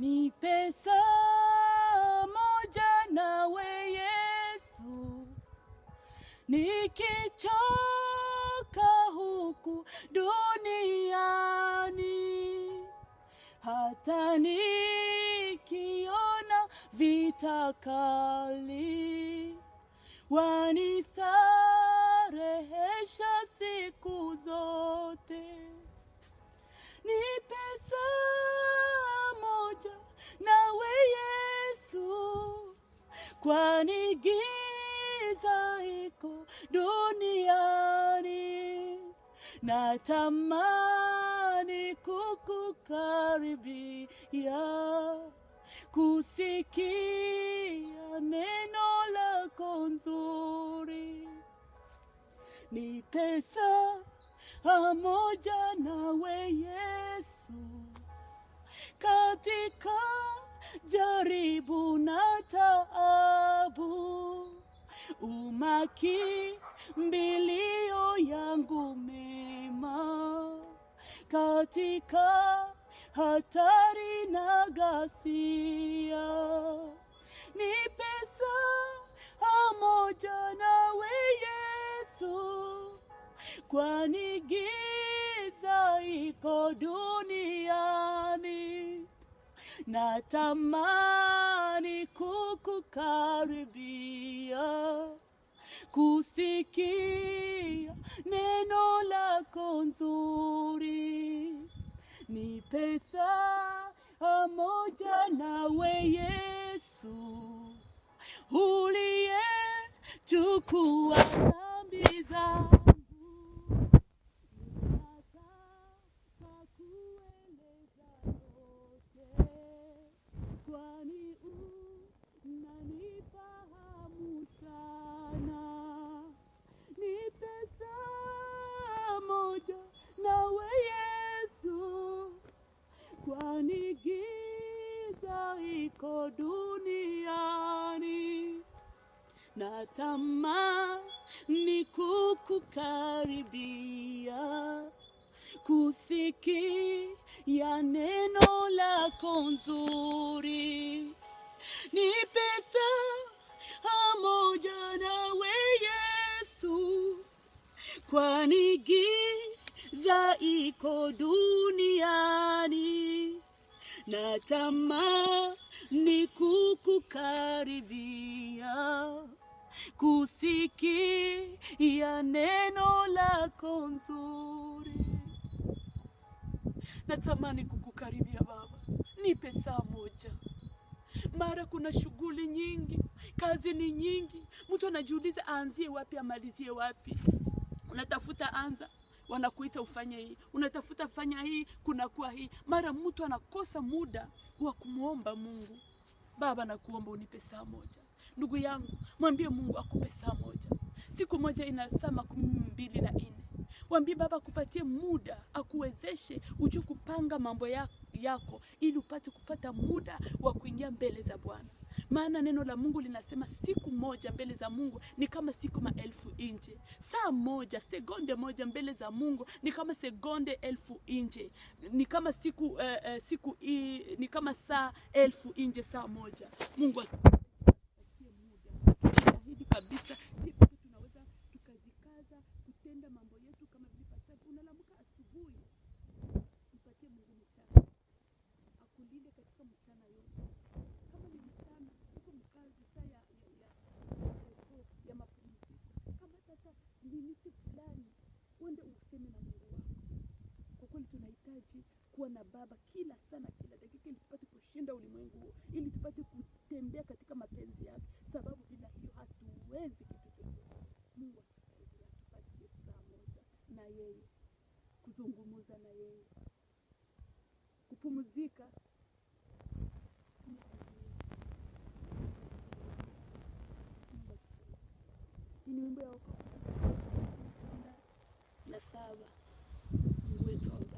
Ni pesa moja nawe Yesu, nikichoka huku duniani, hata nikiona vita kali, wanisarehesha siku zote natamani kukukaribia, kusikia neno lako nzuri, ni pesa pamoja nawe Yesu, katika jaribu na taabu, mbilio yangu me katika hatari na ghasia. ni pesa pamoja nawe Yesu, kwani giza iko duniani. Natamani kukukaribia kusikia neno lako nzuri 你陪在。giza iko duniani, na tamani kukukaribia, kusikia neno lako nzuri, ni pesa moja nawe Yesu, kwani giza iko duniani natamani kukukaribia kusikia neno lako nzuri. Natamani kukukaribia Baba, nipe saa moja. Mara kuna shughuli nyingi, kazi ni nyingi, mtu anajiuliza aanzie wapi amalizie wapi. Unatafuta anza wanakuita ufanye hii, unatafuta fanya hii, kunakuwa hii. Mara mtu anakosa muda wa kumwomba Mungu. Baba, nakuomba unipe saa moja. Ndugu yangu, mwambie Mungu akupe saa moja. Siku moja ina saa makumi mbili na nne. Wambie Baba akupatie muda, akuwezeshe ujue kupanga mambo yako, ili upate kupata muda wa kuingia mbele za Bwana, maana neno la Mungu linasema siku moja mbele za Mungu ni kama siku maelfu nje. Saa moja, sekonde moja mbele za Mungu ni kama sekonde elfu nje, ni kama siku, uh, uh, siku i, ni kama saa elfu nje, saa moja. Mungu kabisa Baba kila sana kila dakika, ili tupate kushinda ulimwengu huu, ili tupate kutembea katika mapenzi yake, sababu bila hiyo hatuwezi kitu chochote. Mungu atusaidie, saa moja na yeye, kuzungumza na yeye, kupumzika ni wimbo ya na saba mgwetwa